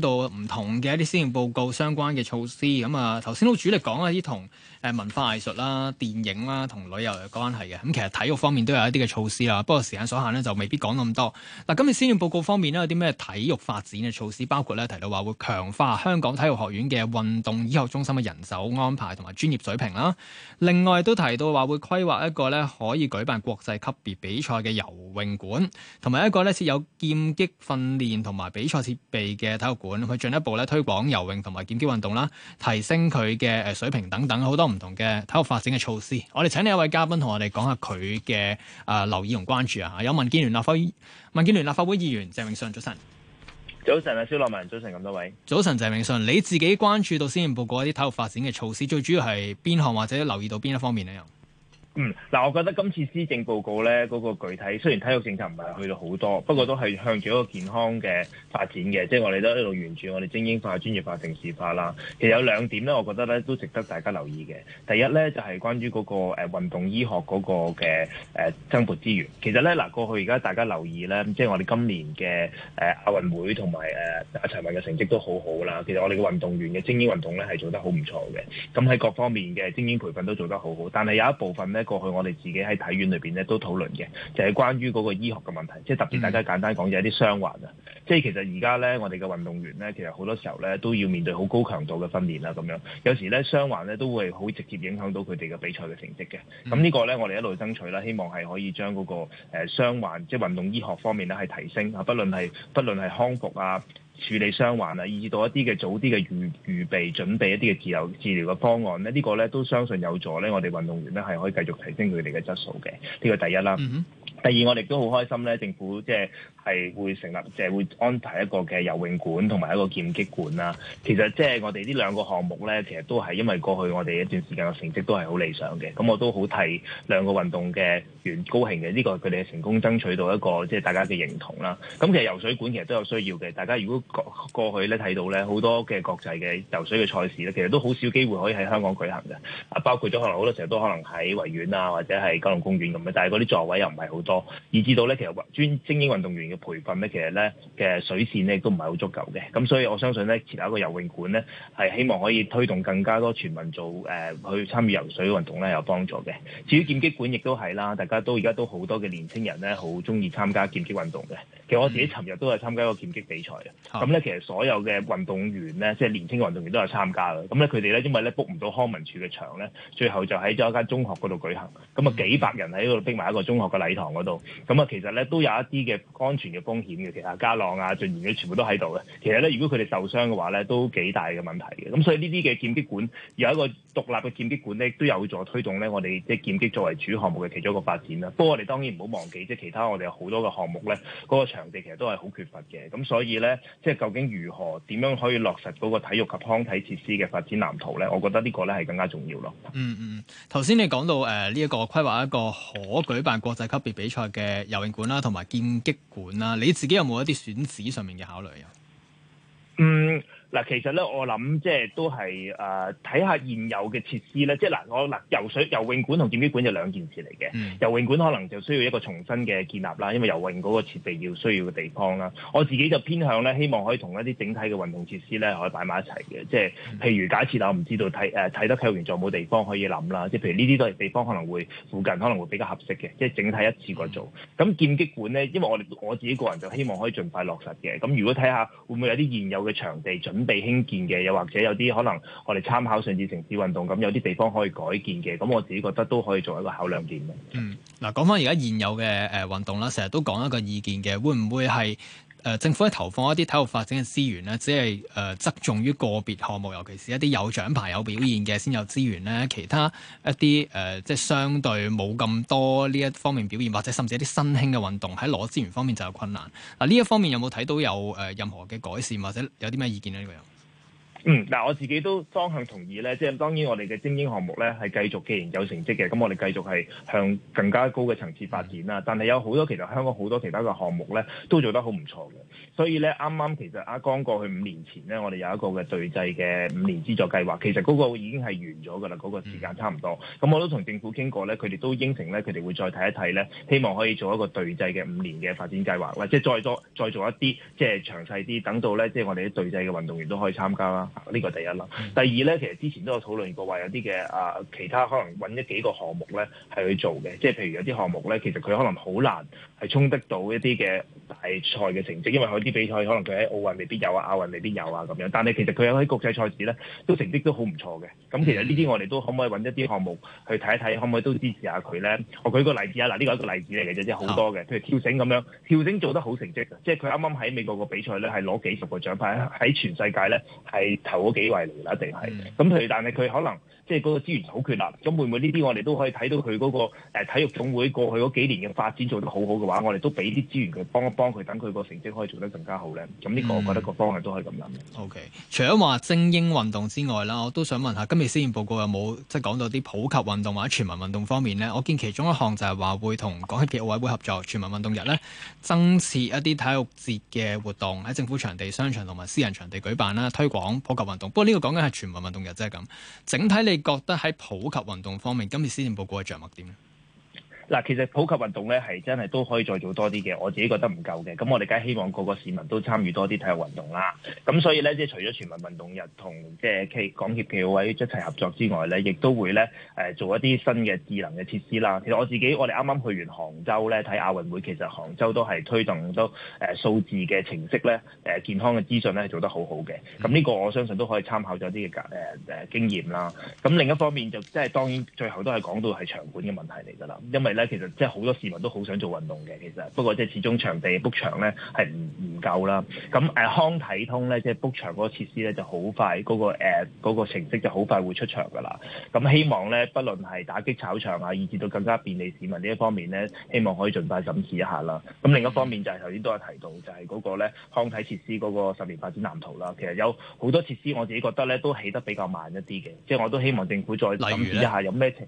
到唔同嘅一啲施政報告相關嘅措施，咁啊頭先都主力講一啲同誒文化藝術啦、電影啦同旅遊有關係嘅，咁其實體育方面都有一啲嘅措施啦，不過時間所限咧就未必講咁多。嗱，今日施政報告方面咧有啲咩體育發展嘅措施？包括咧提到話會強化香港體育學院嘅運動醫學中心嘅人手安排同埋專業水平啦，另外都提到話會規劃一個咧可以舉辦國際級別比賽嘅游泳館同埋一個咧設有劍擊訓練同埋比賽設備嘅體育館。去進一步咧推廣游泳同埋劍擊運動啦，提升佢嘅誒水平等等，好多唔同嘅體育發展嘅措施。我哋請呢一位嘉賓同我哋講下佢嘅誒留意同關注啊。有民建聯立法民建聯立法會議員鄭泳舜，早晨，早晨啊，蕭樂文，早晨咁多位，早晨鄭泳舜，你自己關注到施政報告嗰一啲體育發展嘅措施，最主要係邊項或者留意到邊一方面呢？嗱、嗯，我覺得今次施政報告咧，嗰個具體雖然體育政策唔係去到好多，不過都係向住一個健康嘅發展嘅，即係我哋都一路沿住我哋精英化、專業化、城市化啦。其實有兩點咧，我覺得咧都值得大家留意嘅。第一咧就係關於嗰個誒運動醫學嗰個嘅誒增撥資源。其實咧嗱、呃，過去而家大家留意咧，即係我哋今年嘅誒亞運會同埋阿陳文嘅成績都好好啦。其實我哋嘅運動員嘅精英運動咧係做得好唔錯嘅，咁喺各方面嘅精英培訓都做得好好，但係有一部分咧。過去我哋自己喺體院裏邊咧都討論嘅，就係、是、關於嗰個醫學嘅問題，即係特別大家簡單講就係、一啲傷患啊。即係其實而家咧，我哋嘅運動員咧，其實好多時候咧都要面對好高強度嘅訓練啦，咁樣有時咧傷患咧都會好直接影響到佢哋嘅比賽嘅成績嘅。咁、嗯、呢個咧，我哋一路爭取啦，希望係可以將嗰、那個誒、呃、傷患，即係運動醫學方面咧係提升啊，不論係不論係康復啊。處理傷患啊，以至到一啲嘅早啲嘅預預備準備一啲嘅治療治療嘅方案咧，呢、這個咧都相信有助咧，我哋運動員咧係可以繼續提升佢哋嘅質素嘅，呢、這個第一啦。嗯第二，我哋都好開心咧，政府即係係會成立，即係會安排一個嘅游泳館同埋一個劍擊館啦。其實即係我哋呢兩個項目咧，其實都係因為過去我哋一段時間嘅成績都係好理想嘅。咁我都好替兩個運動嘅員高興嘅，呢個佢哋成功爭取到一個即係大家嘅認同啦。咁其實游水館其實都有需要嘅。大家如果過去咧睇到咧，好多嘅國際嘅游水嘅賽事咧，其實都好少機會可以喺香港舉行嘅。啊，包括咗可能好多時候都可能喺維園啊，或者係九龍公園咁樣，但係嗰啲座位又唔係好。以至到咧其實專精英運動員嘅培訓咧，其實咧嘅水線咧都唔係好足夠嘅。咁所以我相信咧，其他一個游泳館咧，係希望可以推動更加多全民做誒、呃、去參與游水運動咧，有幫助嘅。至於劍擊館亦都係啦，大家都而家都好多嘅年輕人咧，好中意參加劍擊運動嘅。其實我自己尋日都有參加個劍擊比賽嘅。咁咧、嗯、其實所有嘅運動員咧，即、就、係、是、年輕運動員都有參加嘅。咁咧佢哋咧因為咧 book 唔到康文署嘅場咧，最後就喺咗一間中學嗰度舉行。咁啊，幾百人喺嗰度逼埋一個中學嘅禮堂。度，咁啊，其實咧都有一啲嘅安全嘅風險嘅，其他家浪啊、進研嘅全部都喺度嘅。其實咧，如果佢哋受傷嘅話咧，都幾大嘅問題嘅。咁所以呢啲嘅劍擊館有一個獨立嘅劍擊館咧，都有助推動咧我哋即係劍擊作為主項目嘅其中一個發展啦。不過我哋當然唔好忘記，即係其他我哋好多嘅項目咧，嗰個場地其實都係好缺乏嘅。咁所以咧，即係究竟如何點樣可以落實嗰個體育及康體設施嘅發展藍圖咧？我覺得呢個咧係更加重要咯。嗯嗯，頭先你講到誒呢一個規劃一個可舉辦國際級別比比賽嘅游泳館啦，同埋劍擊館啦，你自己有冇一啲選址上面嘅考慮啊？嗯。嗱，其實咧，我諗即係都係誒，睇、呃、下現有嘅設施咧。即係嗱，我、呃、嗱，游、呃、水、呃、游泳館同劍擊館就兩件事嚟嘅。嗯、游泳館可能就需要一個重新嘅建立啦，因為游泳嗰個設備要需要嘅地方啦。我自己就偏向咧，希望可以同一啲整體嘅運動設施咧，可以擺埋一齊嘅。即係譬如假設啊，我唔知道睇誒睇得體育園仲有冇地方可以諗啦。即係譬如呢啲都係地方可能會附近可能會比較合適嘅，即係整體一次過做。咁、嗯、劍擊館咧，因為我哋我自己個人就希望可以盡快落實嘅。咁如果睇下會唔會有啲現有嘅場地，準備地盡，準備興建嘅，又或者有啲可能我哋參考上次城市運動咁，有啲地方可以改建嘅，咁我自己覺得都可以做一個考量點嘅。嗯、嗱，講翻而家現有嘅誒運動啦，成日都講一個意見嘅，會唔會係？誒、呃、政府喺投放一啲體育發展嘅資源咧，只係誒側重於個別項目，尤其是一啲有獎牌有表現嘅先有資源咧，其他一啲誒、呃、即係相對冇咁多呢一方面表現，或者甚至一啲新興嘅運動喺攞資源方面就有困難。嗱、啊、呢一方面有冇睇到有誒、呃、任何嘅改善，或者有啲咩意見呢？呢、這個人。嗯，嗱我自己都方向同意咧，即係當然我哋嘅精英項目咧係繼續既然有成績嘅，咁我哋繼續係向更加高嘅層次發展啦。但係有好多其實香港好多其他嘅項目咧都做得好唔錯嘅，所以咧啱啱其實阿剛過去五年前咧，我哋有一個嘅對制嘅五年資助計劃，其實嗰個已經係完咗噶啦，嗰、嗰個時間差唔多。咁我都同政府傾過咧，佢哋都應承咧，佢哋會再睇一睇咧，希望可以做一個對制嘅五年嘅發展計劃，或者再多再做一啲即係詳細啲，等到咧即係我哋啲對制嘅運動員都可以參加啦。呢個第一啦，第二咧，其實之前都有討論過話，有啲嘅啊，其他可能揾一幾個項目咧係去做嘅，即係譬如有啲項目咧，其實佢可能好難係衝得到一啲嘅。大賽嘅成績，因為佢啲比賽可能佢喺奧運未必有啊，亞運未必有啊咁樣。但係其實佢有喺國際賽事咧，都成績都好唔錯嘅。咁其實呢啲我哋都可唔可以揾一啲項目去睇一睇，可唔可以都支持下佢咧？我舉個例子啊，嗱，呢個一個例子嚟嘅啫，即係好多嘅，哦、譬如跳繩咁樣，跳繩做得好成績，即係佢啱啱喺美國個比賽咧，係攞幾十個獎牌，喺全世界咧係頭嗰幾位嚟啦，一定係。咁佢、嗯、但係佢可能即係嗰個資源好缺乏。咁會唔會呢啲我哋都可以睇到佢嗰個誒體育總會過去嗰幾年嘅發展做得好好嘅話，我哋都俾啲資源佢幫。幫佢等佢個成績可以做得更加好呢。咁、這、呢個我覺得個方向都可以咁諗。嗯、o、okay. K，除咗話精英運動之外啦，我都想問下今次施政報告有冇即係講到啲普及運動或者全民運動方面呢？我見其中一項就係話會同港協暨奧委會合作全民運動日呢，增設一啲體育節嘅活動喺政府場地、商場同埋私人場地舉辦啦，推廣普及運動。不過呢個講緊係全民運動日即係咁。整體你覺得喺普及運動方面，今次施政報告嘅着墨點？嗱，其實普及運動咧係真係都可以再做多啲嘅，我自己覺得唔夠嘅。咁我哋梗係希望個個市民都參與多啲體育運動啦。咁所以咧，即係除咗全民運動日同即係企港協嘅委一齊合作之外咧，亦都會咧誒做一啲新嘅智能嘅設施啦。其實我自己我哋啱啱去完杭州咧睇亞運會，其實杭州都係推動都誒數字嘅程式咧誒健康嘅資訊咧係做得好好嘅。咁呢個我相信都可以參考咗啲嘅格誒誒經驗啦。咁另一方面就即係當然最後都係講到係場館嘅問題嚟㗎啦，因為咧其實即係好多市民都好想做運動嘅，其實不過即係始終場地 book 場咧係唔唔夠啦。咁誒康體通咧即係 book 場嗰個設施咧就好快，嗰、那個誒嗰、呃那個、程式就好快會出場噶啦。咁希望咧，不論係打擊炒場啊，以至到更加便利市民呢一方面咧，希望可以盡快審視一下啦。咁另一方面就係頭先都有提到，就係、是、嗰個咧康體設施嗰個十年發展藍圖啦。其實有好多設施我自己覺得咧都起得比較慢一啲嘅，即係我都希望政府再審視一下有咩程。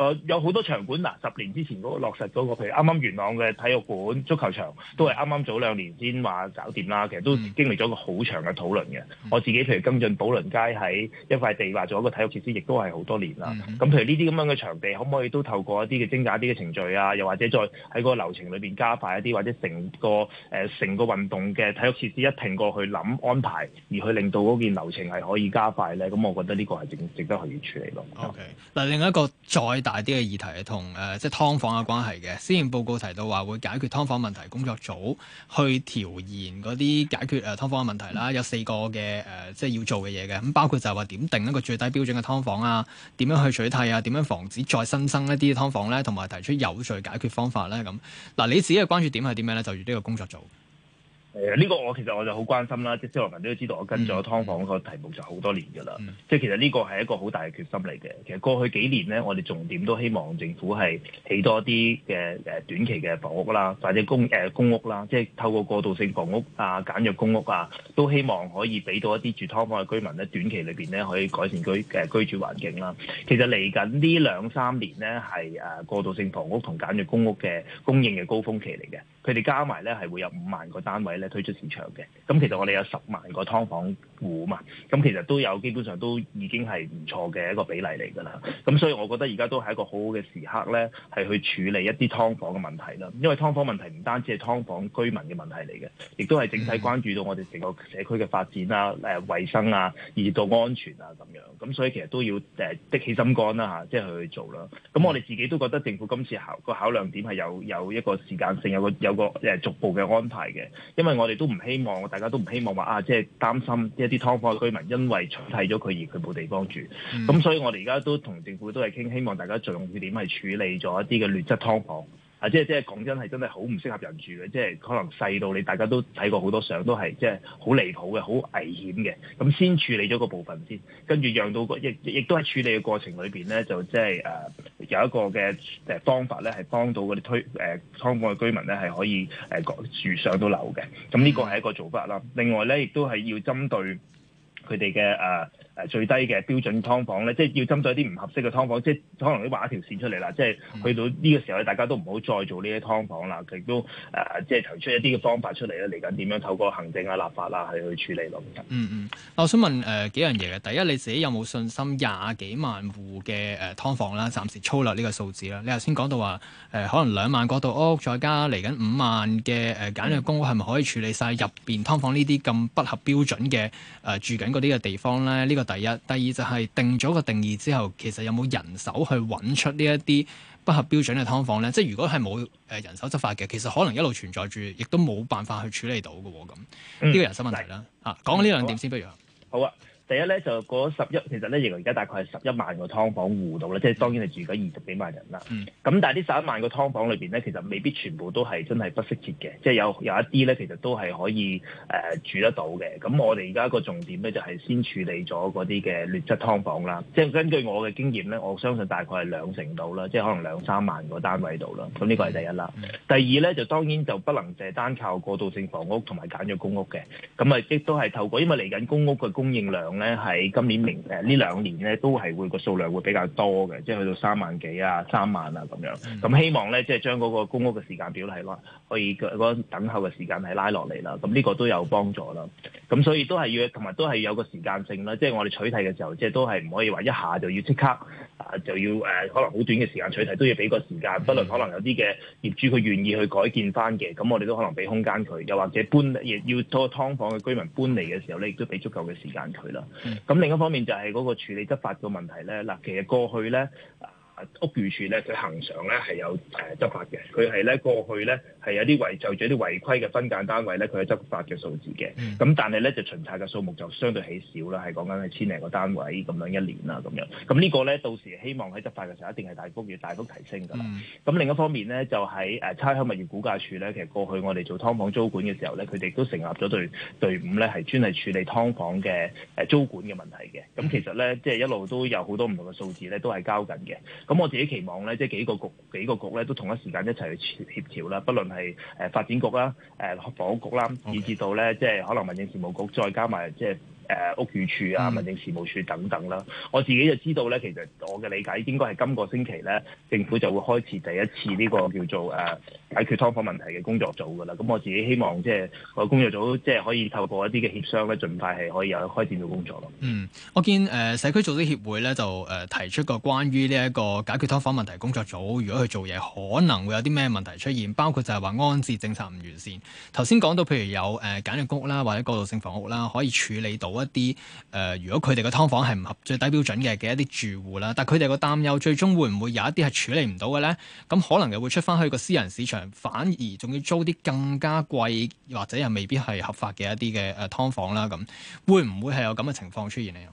呃、有好多場館嗱，十年之前嗰個落實嗰個，譬如啱啱元朗嘅體育館足球場，都係啱啱早兩年先話搞掂啦。其實都經歷咗個好長嘅討論嘅。嗯、我自己譬如跟進寶輪街喺一塊地劃做一個體育設施，亦都係好多年啦。咁、嗯、譬如呢啲咁樣嘅場地，可唔可以都透過一啲嘅精簡啲嘅程序啊？又或者再喺個流程裏邊加快一啲，或者成個誒成、呃、個運動嘅體育設施一停過去諗安排，而去令到嗰件流程係可以加快咧？咁我覺得呢個係值值得去處理咯。嗯、OK，嗱，另一個再大啲嘅議題同誒、呃、即係劏房嘅關係嘅。施政報告提到話會解決劏房問題，工作組去調研嗰啲解決誒㓥房嘅問題啦，有四個嘅誒、呃、即係要做嘅嘢嘅。咁包括就係話點定一個最低標準嘅劏房啊，點樣去取替啊，點樣防止再新生一啲劏房咧，同埋提出有序解決方法咧咁。嗱，你自己嘅關注點係點樣咧？就呢個工作組。係呢個我其實我就好關心啦，即係消文都知道，我跟咗劏房個題目就好多年㗎啦。即係其實呢個係一個好大嘅決心嚟嘅。其實過去幾年呢，我哋重點都希望政府係起多啲嘅誒短期嘅房屋啦，或者公誒、呃、公屋啦，即係透過過渡性房屋啊、簡約公屋啊，都希望可以俾到一啲住劏房嘅居民咧，短期裏邊咧可以改善居嘅、呃、居住環境啦。其實嚟緊呢兩三年呢，係誒、啊、過渡性房屋同簡約公屋嘅供應嘅高峰期嚟嘅，佢哋加埋咧係會有五萬個單位。推出市場嘅，咁其實我哋有十萬個劏房戶嘛，咁其實都有基本上都已經係唔錯嘅一個比例嚟噶啦，咁所以我覺得而家都係一個好好嘅時刻咧，係去處理一啲劏房嘅問題啦。因為劏房問題唔單止係劏房居民嘅問題嚟嘅，亦都係整體關注到我哋成個社區嘅發展啊、誒、衞生啊、熱度安全啊咁樣，咁所以其實都要誒的起心肝啦嚇，即係去做啦。咁我哋自己都覺得政府今次考個考量點係有有一個時間性，有個有個誒逐步嘅安排嘅，因為。因為我哋都唔希望，大家都唔希望話啊，即係擔心一啲劏房嘅居民因為取締咗佢而佢冇地方住。咁、嗯、所以，我哋而家都同政府都係傾，希望大家重點係處理咗一啲嘅劣質劏房啊，即係即係講真係真係好唔適合人住嘅，即係可能細到你大家都睇過好多相，都係即係好離譜嘅，好危險嘅。咁先處理咗個部分先，跟住讓到個亦亦都係處理嘅過程裏邊咧，就即係誒。呃有一個嘅誒方法咧，係幫到嗰啲推誒劏房嘅居民咧，係可以誒、呃、住上到樓嘅。咁呢個係一個做法啦。另外咧，亦都係要針對佢哋嘅誒。呃最低嘅標準劏房咧，即係要針對一啲唔合適嘅㓥房，即係可能你畫一條線出嚟啦。即係去到呢個時候大家都唔好再做呢啲劏房啦。佢亦都誒、呃，即係提出一啲嘅方法出嚟啦。嚟緊點樣透過行政啊、立法啊，係去處理咯、嗯？嗯嗯，嗱，我想問誒、呃、幾樣嘢嘅。第一，你自己有冇信心廿幾萬戶嘅誒劏房啦？暫時粗略呢個數字啦。你頭先講到話誒、呃，可能兩萬個劏屋，再加嚟緊五萬嘅誒簡略公屋，係咪、嗯、可以處理晒入邊劏房呢啲咁不合標準嘅誒、呃、住緊嗰啲嘅地方咧？呢、這個第一，第二就係定咗個定義之後，其實有冇人手去揾出呢一啲不合標準嘅劏房呢？即係如果係冇誒人手執法嘅，其實可能一路存在住，亦都冇辦法去處理到嘅。咁呢個人手問題啦。嚇、嗯啊，講呢兩點先，不如、嗯、好啊。第一咧就嗰十一，其實咧原來而家大概係十一萬個劏房戶度啦，即係當然係住緊二十幾萬人啦。咁、嗯、但係呢，十一萬個劏房裏邊咧，其實未必全部都係真係不適切嘅，即係有有一啲咧其實都係可以誒、呃、住得到嘅。咁我哋而家個重點咧就係、是、先處理咗嗰啲嘅劣質劏房啦。即係根據我嘅經驗咧，我相信大概係兩成度啦，即係可能兩三萬個單位度啦。咁呢個係第一啦。嗯、第二咧就當然就不能淨係單靠過渡性房屋同埋揀咗公屋嘅，咁啊亦都係透過因為嚟緊公屋嘅供應量。咧喺今年明誒呢兩年咧都係會個數量會比較多嘅，即係去到三萬幾啊、三萬啊咁樣。咁希望咧，即係將嗰個公屋嘅時間表係咯，可以、嗰個嗰等候嘅時間係拉落嚟啦。咁呢個都有幫助啦。咁所以都係要同埋都係有個時間性啦。即係我哋取締嘅時候，即係都係唔可以話一下就要即刻。啊，就要誒、呃，可能好短嘅時間取締，都要俾個時間，不然可能有啲嘅業主佢願意去改建翻嘅，咁我哋都可能俾空間佢，又或者搬要要嗰個劏房嘅居民搬嚟嘅時候咧，亦都俾足夠嘅時間佢啦。咁、嗯、另一方面就係嗰個處理執法嘅問題咧，嗱，其實過去咧。屋宇署咧，佢恆常咧係有誒、呃、執法嘅，佢係咧過去咧係有啲違就住啲違規嘅分間單位咧，佢係執法嘅數字嘅。咁、嗯、但係咧就巡查嘅數目就相對起少啦，係講緊係千零個單位咁樣一年啦咁樣。咁、嗯、呢個咧到時希望喺執法嘅時候一定係大幅要大幅提升㗎啦。咁、嗯、另一方面咧就喺誒差餉物業估價署咧，其實過去我哋做劏房租管嘅時候咧，佢哋都成立咗隊隊伍咧，係專係處理劏房嘅誒租管嘅問題嘅。咁、嗯嗯、其實咧即係一路都有好多唔同嘅數字咧，都係交緊嘅。嗯。咁我自己期望咧，即係幾個局幾個局咧，都同一時間一齊去協調啦。不論係誒、呃、發展局啦、誒、呃、房屋局啦，以至到咧即係可能民政事務局，再加埋即係誒、呃、屋宇署啊、民政事務處等等啦。我自己就知道咧，其實我嘅理解應該係今個星期咧，政府就會開始第一次呢個叫做誒、呃解決㓥房問題嘅工作組㗎啦，咁我自己希望即係個工作組即係可以透過一啲嘅協商咧，盡快係可以有開展到工作咯。嗯，我見誒、呃、社區組織協會咧就誒、呃、提出過關於呢一個解決㓥房問題工作組，如果去做嘢可能會有啲咩問題出現，包括就係話安置政策唔完善。頭先講到譬如有誒、呃、簡約公屋啦，或者過渡性房屋啦，可以處理到一啲誒、呃、如果佢哋嘅㓥房係唔合最低標準嘅嘅一啲住戶啦，但佢哋個擔憂最終會唔會有一啲係處理唔到嘅咧？咁可能又會出翻去個私人市場。反而仲要租啲更加貴，或者又未必係合法嘅一啲嘅誒劏房啦。咁會唔會係有咁嘅情況出現咧？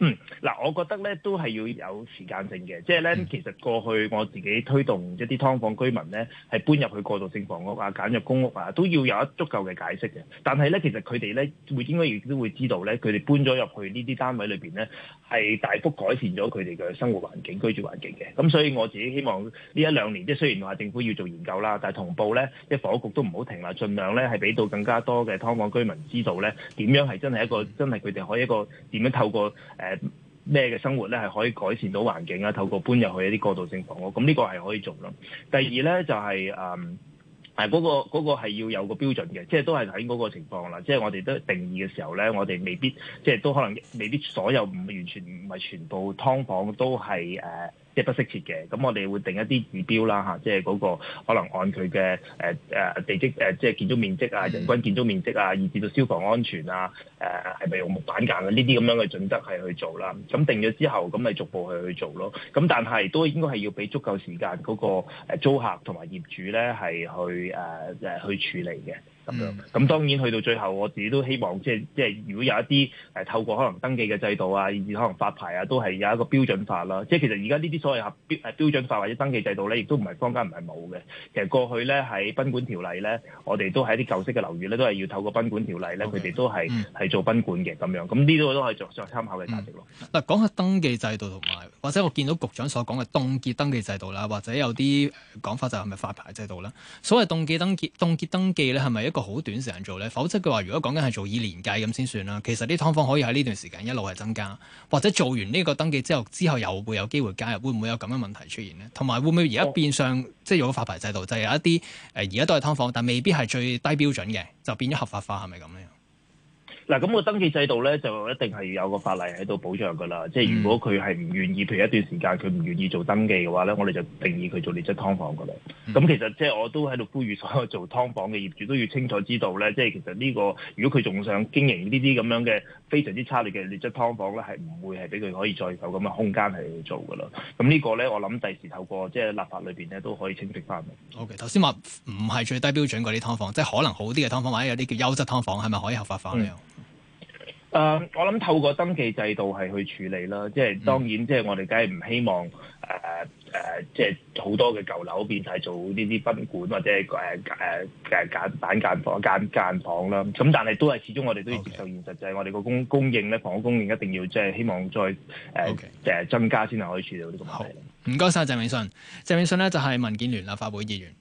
嗯，嗱，我覺得咧都係要有時間性嘅，即係咧其實過去我自己推動一啲劏房居民咧係搬入去過渡性房屋啊、簡約公屋啊，都要有一足夠嘅解釋嘅。但係咧，其實佢哋咧會應該亦都會知道咧，佢哋搬咗入去呢啲單位裏邊咧係大幅改善咗佢哋嘅生活環境、居住環境嘅。咁所以我自己希望呢一兩年，即係雖然話政府要做研究啦，但係同步咧，即係房屋局都唔好停啦，盡量咧係俾到更加多嘅劏房居民知道咧，點樣係真係一個真係佢哋可以一個點樣透過誒。呃誒咩嘅生活咧係可以改善到環境啊？透過搬入去一啲過渡性房屋，咁呢個係可以做咯。第二咧就係、是、誒，係、嗯、嗰、那個嗰、那個係要有個標準嘅，即係都係睇嗰個情況啦。即係我哋都定義嘅時候咧，我哋未必即係都可能未必所有唔完全唔係全部劏房都係誒。呃即係不適切嘅，咁我哋會定一啲指標啦嚇、啊，即係嗰個可能按佢嘅誒誒地積誒，即、呃、係建築面積啊、人均建築面積啊，以至到消防安全啊，誒係咪用木板間啊？呢啲咁樣嘅準則係去做啦。咁定咗之後，咁咪逐步去去做咯。咁但係都應該係要俾足夠時間嗰、那個租客同埋業主咧，係去誒誒、啊、去處理嘅。咁樣，咁、嗯、當然去到最後，我自己都希望，即係即係，如果有一啲誒透過可能登記嘅制度啊，甚至可能發牌啊，都係有一個標準化啦。即係其實而家呢啲所謂合標誒標準化或者登記制度咧，亦都唔係坊間唔係冇嘅。其實過去咧喺賓館條例咧，我哋都喺啲舊式嘅樓宇咧，都係要透過賓館條例咧，佢哋、嗯、都係係、嗯、做賓館嘅咁樣。咁呢啲我都可以作作參考嘅價值咯。嗱、嗯，講下登記制度同埋，或者我見到局長所講嘅凍結登記制度啦，或者有啲講法就係咪發牌制度啦？所謂凍結登記，凍結登記咧係咪一個好短時間做呢？否則嘅話如果講緊係做以年計咁先算啦。其實啲劏房可以喺呢段時間一路係增加，或者做完呢個登記之後，之後又會有機會加入，會唔會有咁嘅問題出現呢？同埋會唔會而家變相、哦、即係有個發牌制度，就係、有一啲誒而家都係劏房，但未必係最低標準嘅，就變咗合法化係咪咁樣呢？嗱咁個登記制度咧就一定係有個法例喺度保障㗎啦，即係如果佢係唔願意，譬如一段時間佢唔願意做登記嘅話咧，我哋就定義佢做劣質劏房㗎啦。咁、嗯、其實即係我都喺度呼籲所有做劏房嘅業主都要清楚知道咧，即係其實呢、呢個如果佢仲想經營呢啲咁樣嘅非常之差劣嘅劣質劏房咧，係唔會係俾佢可以再有咁嘅空間係去做㗎啦。咁呢個咧我諗第時透過即係立法裏邊咧都可以清晰翻。O K，頭先話唔係最低標準嗰啲劏房，即係可能好啲嘅劏房或者有啲叫優質劏房，係咪可以合法化？ 啊！Uh, 我諗透過登記制度係去處理啦，即係當然，當然、嗯呃呃，即係我哋梗係唔希望誒誒，即係好多嘅舊樓變晒做呢啲賓館或者誒誒誒板間房、間間房啦。咁但係都係始終，我哋都要接受現實，Okay. 就係我哋個供供應咧，房屋供應一定要即係希望再誒誒、呃 Okay. 呃、增加先係可以處理到呢個問題。好，唔該晒鄭泳舜，鄭泳舜呢，就係民建聯立法會議員。